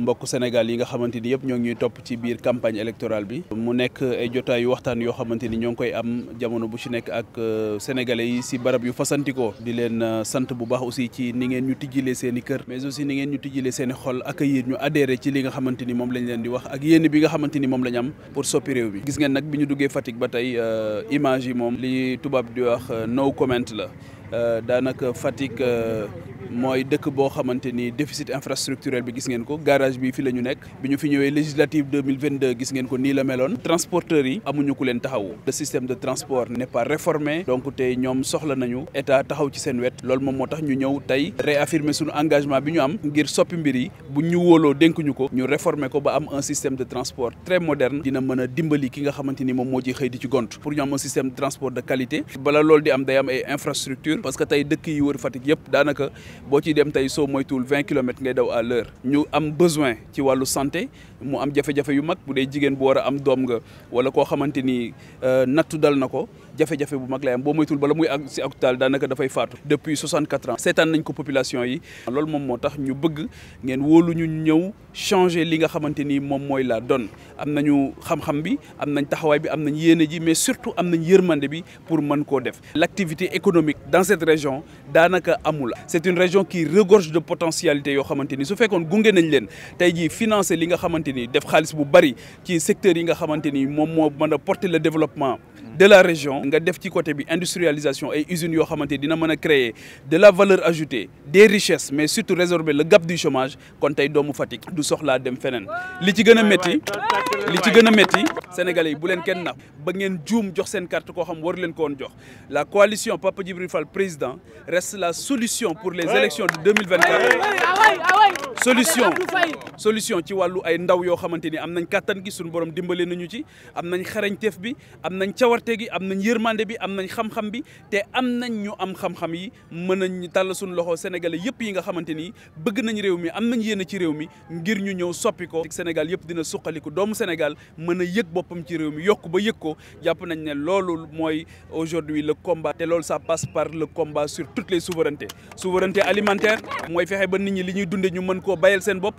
mbokk Sénégal yi nga xamante ni yëpp ñoo ngi topp ci biir campagne électorale bi mu nekk ay eh, jotaayu waxtaan yoo xamante ni ñoo ngi koy am jamono bu ci nekk ak eh, sénégalais yi si barab yu fasantikoo di leen eh, sant bu baax aussi ci ni ngeen ñu tijjilee seen i kër mais aussi ni ngeen ñu tijjilee seen i xol accueillir ñu adhéré ci li nga xamante ni moom lañ leen di wax ak yéen bi nga xamante ni moom lañ am pour soppi réew bi gis ngeen nag bi ñu duggee Fatick ba tey image yi moom li tubaab di wax no comment la daanaka Fatick mooy dëkk boo xamante ni déficit infrastructurel bi gis ngeen ko garage bi fi la ñu nekk bi ñu fi ñëwee législative 2022 gis ngeen ko nii la meloon transporteurs yi amuñu ku leen taxawu le système de transport n'est pas réformé donc tey ñoom soxla nañu état taxaw ci seen wet lool moom moo tax ñu ñëw tey réaffirmer suñu engagement bi ñu am ngir soppi mbir yi bu ñu wóoloo dénkuñu ko ñu réformer ko ba am un système de transport très moderne dina mën a dimbali ki nga xamante ni moom moo ciy xëy di ci gont pour ñu am un système de transport loolu di am day am ay infrastructure parce que tey dëkk yi wër Fatick yëpp daanaka boo ci dem tey soo moytuwul 20 km ngay daw à l'heure ñu am besoin ci wàllu santé mu am jafe-jafe yu mag bu dee jigéen bu war a am doom nga wala koo xamante ni euh, nattu dal na jafé jafé bu mag la moytul bala muy ak depuis 64 ans c'est nañ ko population yi lool mom motax ñu bëgg ngeen changer li nga xamanteni mom moy la donne am nañu xam-xam bi bi mais surtout am nañ bi pour mën ko def l'activité économique dans cette région danaka amul c'est une région qui regorge de potentialité yo xamanteni su gungé nañ leen tay la financer li nga xamanteni def xaliss bu bari ci secteur yi nga xamanteni mom mo faire. le développement de la région nga def ci côté bi industrialisation et usines yo xamante dina mën créer de la valeur ajoutée des richesses mais surtout résorber le gap du chômage kon tay doomu fatik du soxla dem fenen. li ci gëna metti, li ci gëna metti sénégalais yi bu len kenn nax ba ngeen joom jox sen carte ko xam war len ko jox la coalition Papa Djibril Fall président reste la solution pour les élections de 2024 solution solution ci wàllu ay ndaw yoo xamante ni am nañ kàttan gi suñu borom dimbale nañu ci am nañ xarañteef bi am nañ cawarte gi am nañ yërmande bi am nañ xam-xam bi te am nañ ñu am xam-xam yi mën nañ tàll suñu loxo sénégalais yëpp yi nga xamante ni bëgg nañ réew mi am nañ yéene ci réew mi ngir ñu ñëw soppi ko Sénégal yëpp dina suqaliku doomu Sénégal mën a yëg boppam ci réew mi yokk ba yëg ko jàpp nañ ne loolu mooy aujourd'hui le combat te loolu ça passe par le combat sur toutes alimentaire mooy fexe ba nit ñi li ñuy dunde koo bayal seen bopp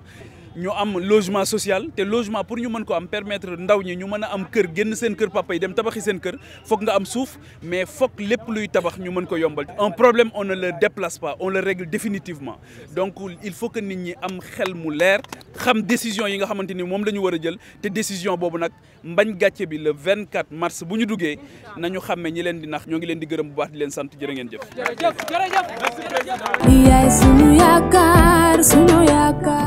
Nous avons un logement social un logement pour ñu permettre de ñi ñu un am kër génn cœur, kër papa mais un problème on ne le déplace pas on le règle définitivement donc il faut que nous ñi une xel mu avons une décision yi nga une ni nous avons avons une décision décision, nous mbañ une bi le 24 mars Nous nous nañu décision, ñi avons di nax nous ngi une di